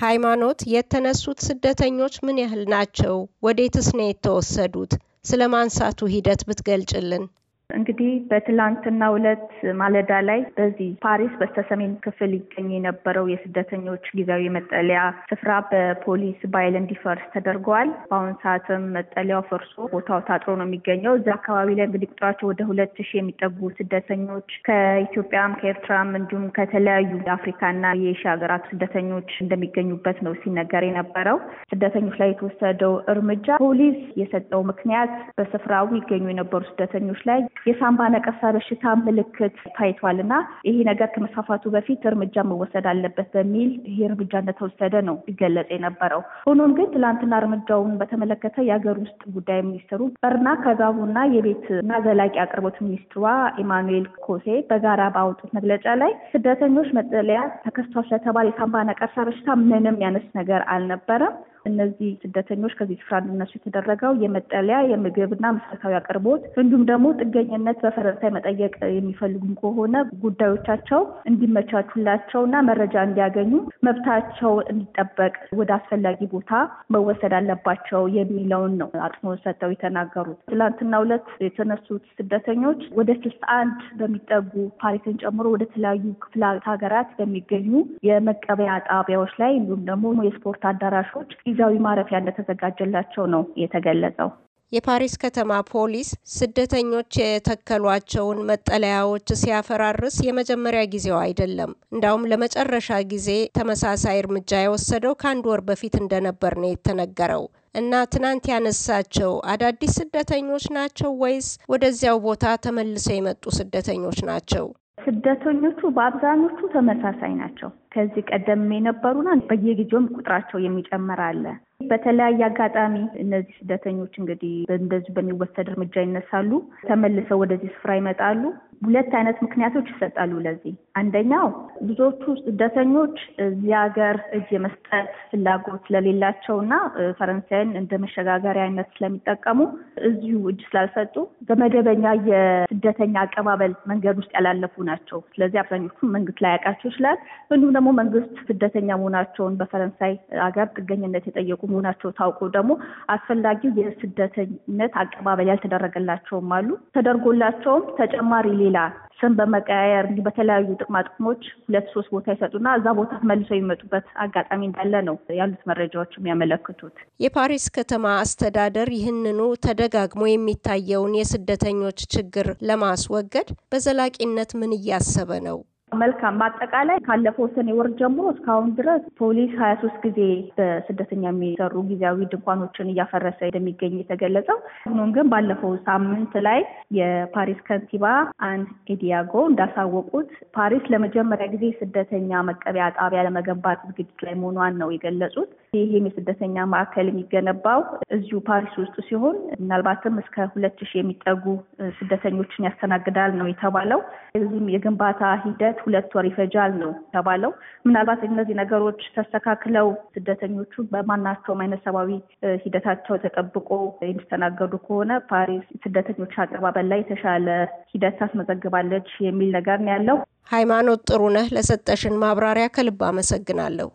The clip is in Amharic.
ሃይማኖት የተነሱት ስደተኞች ምን ያህል ናቸው? ወዴትስ ነው የተወሰዱት? ስለ ማንሳቱ ሂደት ብትገልጭልን። እንግዲህ በትላንትና ሁለት ማለዳ ላይ በዚህ ፓሪስ በስተሰሜን ክፍል ይገኝ የነበረው የስደተኞች ጊዜያዊ መጠለያ ስፍራ በፖሊስ ባይል እንዲፈርስ ተደርገዋል። በአሁኑ ሰዓትም መጠለያው ፈርሶ ቦታው ታጥሮ ነው የሚገኘው። እዚ አካባቢ ላይ እንግዲህ ቁጥራቸው ወደ ሁለት ሺህ የሚጠጉ ስደተኞች ከኢትዮጵያም ከኤርትራም እንዲሁም ከተለያዩ የአፍሪካና የኤሽያ ሀገራት ስደተኞች እንደሚገኙበት ነው ሲነገር የነበረው። ስደተኞች ላይ የተወሰደው እርምጃ ፖሊስ የሰጠው ምክንያት በስፍራው ይገኙ የነበሩ ስደተኞች ላይ የሳምባ ነቀርሳ በሽታ ምልክት ታይቷል እና ይሄ ነገር ከመስፋፋቱ በፊት እርምጃ መወሰድ አለበት በሚል ይሄ እርምጃ እንደተወሰደ ነው ይገለጽ የነበረው። ሆኖም ግን ትላንትና እርምጃውን በተመለከተ የሀገር ውስጥ ጉዳይ ሚኒስትሩ በርና ከዛቡና የቤትና ዘላቂ አቅርቦት ሚኒስትሯ ኢማኑኤል ኮሴ በጋራ ባወጡት መግለጫ ላይ ስደተኞች መጠለያ ተከስቷል ስለተባለ የሳምባ ነቀርሳ በሽታ ምንም ያነስ ነገር አልነበረም። እነዚህ ስደተኞች ከዚህ ስፍራ እንዲነሱ የተደረገው የመጠለያ የምግብና መሰረታዊ አቅርቦት እንዲሁም ደግሞ ጥገኝነት በፈረንሳይ መጠየቅ የሚፈልጉም ከሆነ ጉዳዮቻቸው እንዲመቻቹላቸውና መረጃ እንዲያገኙ መብታቸው እንዲጠበቅ ወደ አስፈላጊ ቦታ መወሰድ አለባቸው የሚለውን ነው አጽንኦት ሰጥተው የተናገሩት። ትላንትና ሁለት የተነሱት ስደተኞች ወደ ስልሳ አንድ በሚጠጉ ፓሪስን ጨምሮ ወደ ተለያዩ ክፍለ ሀገራት በሚገኙ የመቀበያ ጣቢያዎች ላይ እንዲሁም ደግሞ የስፖርት አዳራሾች ጊዜያዊ ማረፊያ እንደተዘጋጀላቸው ነው የተገለጸው። የፓሪስ ከተማ ፖሊስ ስደተኞች የተከሏቸውን መጠለያዎች ሲያፈራርስ የመጀመሪያ ጊዜው አይደለም። እንዳውም ለመጨረሻ ጊዜ ተመሳሳይ እርምጃ የወሰደው ከአንድ ወር በፊት እንደነበር ነው የተነገረው። እና ትናንት ያነሳቸው አዳዲስ ስደተኞች ናቸው ወይስ ወደዚያው ቦታ ተመልሰው የመጡ ስደተኞች ናቸው? ስደተኞቹ በአብዛኞቹ ተመሳሳይ ናቸው። ከዚህ ቀደም የነበሩና በየጊዜውም ቁጥራቸው የሚጨምር አለ። በተለያየ አጋጣሚ እነዚህ ስደተኞች እንግዲህ እንደዚህ በሚወሰድ እርምጃ ይነሳሉ፣ ተመልሰው ወደዚህ ስፍራ ይመጣሉ። ሁለት አይነት ምክንያቶች ይሰጣሉ ለዚህ። አንደኛው ብዙዎቹ ስደተኞች እዚህ ሀገር እጅ የመስጠት ፍላጎት ስለሌላቸው እና ፈረንሳይን እንደ መሸጋገሪያ አይነት ስለሚጠቀሙ እዚሁ እጅ ስላልሰጡ በመደበኛ የስደተኛ አቀባበል መንገድ ውስጥ ያላለፉ ናቸው። ስለዚህ አብዛኞቹ መንግስት ላያውቃቸው ይችላል። እንዲሁም ደግሞ መንግስት ስደተኛ መሆናቸውን በፈረንሳይ ሀገር ጥገኝነት የጠየቁ መሆናቸው ታውቆ ደግሞ አስፈላጊው የስደተኝነት አቀባበል ያልተደረገላቸውም አሉ። ተደርጎላቸውም ተጨማሪ ሌላ ስም በመቀያየር እንዲህ በተለያዩ ጥቅማ ጥቅሞች ሁለት ሶስት ቦታ ይሰጡና እዛ ቦታ መልሶ የሚመጡበት አጋጣሚ እንዳለ ነው ያሉት መረጃዎች የሚያመለክቱት። የፓሪስ ከተማ አስተዳደር ይህንኑ ተደጋግሞ የሚታየውን የስደተኞች ችግር ለማስወገድ በዘላቂነት ምን እያሰበ ነው? መልካም። በአጠቃላይ ካለፈው ሰኔ ወር ጀምሮ እስካሁን ድረስ ፖሊስ ሀያ ሶስት ጊዜ በስደተኛ የሚሰሩ ጊዜያዊ ድንኳኖችን እያፈረሰ እንደሚገኝ የተገለጸው ሆኖም ግን ባለፈው ሳምንት ላይ የፓሪስ ከንቲባ አን ኤዲያጎ እንዳሳወቁት ፓሪስ ለመጀመሪያ ጊዜ ስደተኛ መቀበያ ጣቢያ ለመገንባት ዝግጅት ላይ መሆኗን ነው የገለጹት። ይህም የስደተኛ ማዕከል የሚገነባው እዚሁ ፓሪስ ውስጥ ሲሆን ምናልባትም እስከ ሁለት ሺህ የሚጠጉ ስደተኞችን ያስተናግዳል ነው የተባለው። የዚህም የግንባታ ሂደት ሁለት ወር ይፈጃል ነው የተባለው። ምናልባት እነዚህ ነገሮች ተስተካክለው ስደተኞቹ በማናቸውም አይነት ሰብአዊ ሂደታቸው ተጠብቆ የሚስተናገዱ ከሆነ ፓሪስ ስደተኞች አቀባበል ላይ የተሻለ ሂደት ታስመዘግባለች የሚል ነገር ነው ያለው። ሃይማኖት ጥሩነህ፣ ለሰጠሽን ማብራሪያ ከልብ አመሰግናለሁ።